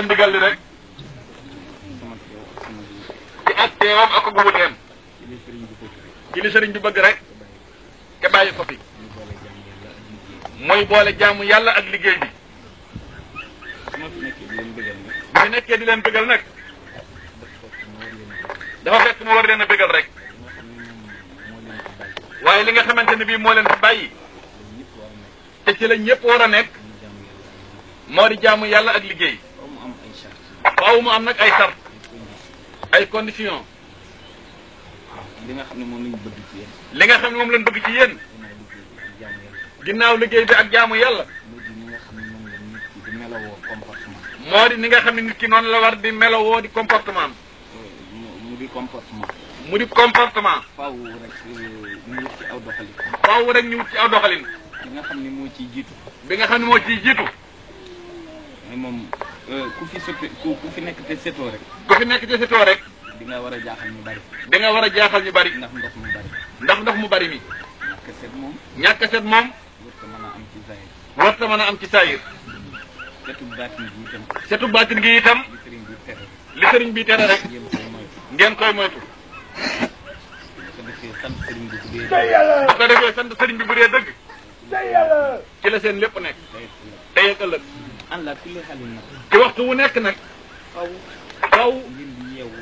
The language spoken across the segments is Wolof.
joxe ndigal li rek ci ak teewam ak guwuteem ci li bëgg rek te bàyyi ko fi mooy boole jaamu yàlla ak liggéey bi bu fi nekkee di leen bëggal nag dafa fekk mu war leen a bëggal rek waaye li nga xamante ne bii moo leen fi bàyyi te ci la war a nekk moo di jaamu yàlla ak liggéey faaw mu am nag ay sart ay condition li nga xam ne moom lañ bëgg ci yéen. li nga xam ne moom lañ bëgg ci yéen. ginnaaw liggéey bi ak jaamu yàlla. moo di ni nga xam ne nit ki noonu la war di melowoo di comportement mu di comportement. mu di comportement. faaw rek ñu euh, wut ci aw doxalin. faaw rek ñu wut ci aw doxalin. bi nga xam ne moo ciy jiitu. bi nga xam ne moo ciy jiitu. moom euh, ku fi sotti ku fi nekk te setoo rek. ku fi nekk te setoo rek. di war a jaaxal ñu bari. di nga war a jaaxal ñu bari. ndax ndox mu bari. ndax ndox mu bari mi. ñàkk a set moom. ñàkk a a am ci saayir. warta a am ci saayir. setu baatin gi itam. setu baatin gi itam. li sëriñ bi tere. li sëriñ bi tere rek. ngeen koy moytu. ngeen defee sant sëriñ bi bu dee dëgg. bu ko defee sant sëriñ bi bu dee dëgg. ci la seen lépp nekk. allah kulli xalin nag waxtu wu nekk nag faw faw ngeen di yeewu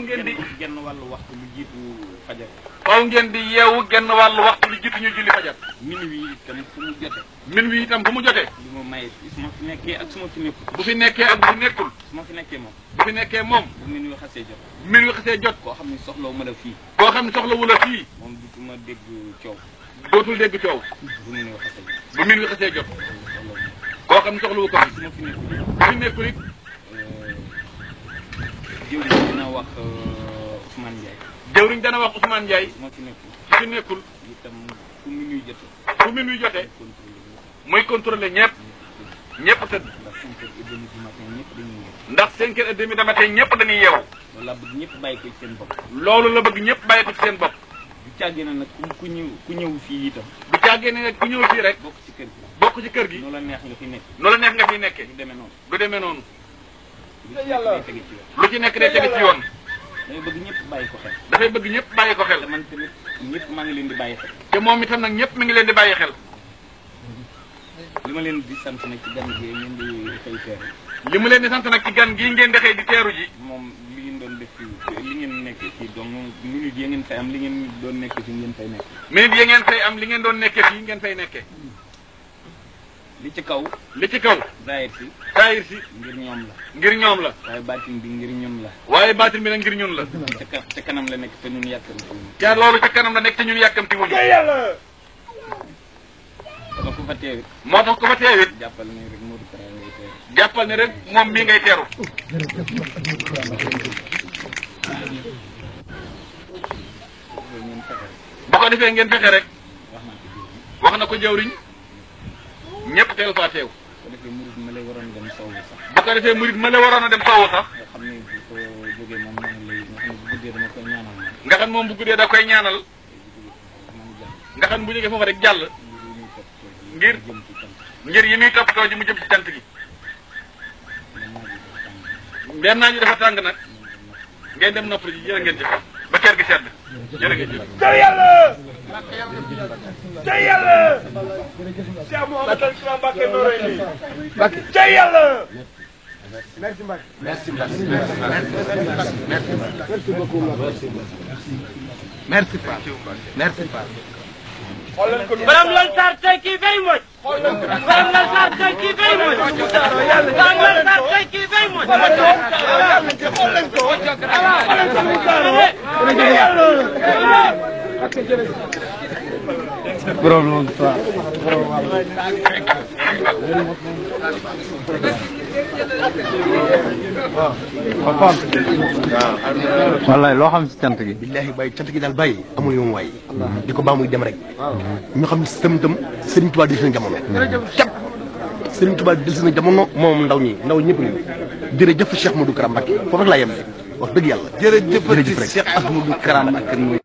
ngeen di genn wàllu waxtu lu jiitu fajar faw ngeen di yeewu genn wàllu waxtu lu jiitu ñu julli fajar min wi itam fu mu jote min wi itam fu mu jotee li ma maye fi nekkee ak suma ma fi nekkul bu fi nekkee ak bu nekkul su ma fi nekkee moom bu fi nekkee moom bu min wi xasee jot min wi xasee jot koo xam ne soxlawu ma la fii koo xam ne soxlawu la fii moom dutuma dégg coow dootul dégg coow bu min wi xasee jot bu min wi xasee jot loo xam ne soxla wu ko fi. bu ñu nekkul it. Euh, dana wax euh, Ousmane Ndiaye. jëwriñ dana wax Ousmane Ndiaye. moo fi nekkul su fi nekkul. itam fu mu nuy jotee. mooy contrôler ñëpp. ñëpp ndax cinq heures et demie du matin ñëpp dañuy yeewu. loolu la bëgg ñëpp bàyyi ko seen bopp. loolu la bëgg ñëpp bàyyi ko ci seen bopp. du càggee na nag ku ñëw ku ñëw fii itam du càggee na nag ku ñëw fii rek bokk ci kër gi bokk ci kër gi noo la neex nga fi nekk noo la neex nga nekkee du demee noonu du demee noonu lu ci nekk day tege ci yoon dafay bëgg ñëpp bàyyi ko xel bëgg ñëpp bàyyi ko xel te man tamit ñëpp leen di bàyyi te moom itam nag ñëpp mi ngi leen di bàyyi xel li ma leen di sant nag ci gan gi ngeen di xëy teeru di sant nag ci gan gii ngeen di xëy teeru ji def ci li ngeen nekk ci donc minute yi ngeen fay am li ngeen doon nekk ci ngeen fay nekk minute yi ngeen fay am li ngeen doon nekkee fii ngeen fay nekkee li ci kaw li ci kaw zaahir si zaahir si ngir ñoom la ngir ñoom la waaye baatin bi ngir ñun la waaye baatin bi nag ngir ñun la ca kanam la nekk te ñun yàkkamti wuñu ca loolu ca kanam la nekk te ñun yàkkamti wuñu moo tax ku fa teewit moo tax ku fa teewit jàppal ne rek Modou Kara ngay teeru jàppal ne rek moom mii ngay teeru bu ko defee ngeen fexe rek wax na ko jawriñ ñëpp teel faa teew. bu ko defee murid ma lay waroon waroon a dem soowu sax. nga xam ko jógee moom bu guddee da koy ñaanal. nga xam bu jógee foofa rek jàll. ngir ngir yi muy toppatoo ji mu jëm ci tant gi. benn naa dafa tàng nag. ngeen dem noppali ji jërë ngeen jëf ba kër gi sedd jërë ngeen jëf te yàlla te yàlla Cheikh Mouhamed al Islam Mbacké nooree nii Mbacké te yàlla merci Mbacké merci borom Lansar tey kii bay moj. borom Lansar tey kii bay moj. borom loo xam si cant gi. billaahi bàyyi cant gi daal bàyyi. amul di ko baa muy dem rek. ñu xam ne sëriñ tam sëriñ Tuubaa di seen jamono. cap sëriñ Tuubaa di seen jamono moom ndaw ñi ndaw ñëpp ñu jërëjëf Cheikh Modou Karam Mbacké foofu rek laa yem wax dëgg yàlla. jërëjëf Cheikh Ahmadou Karam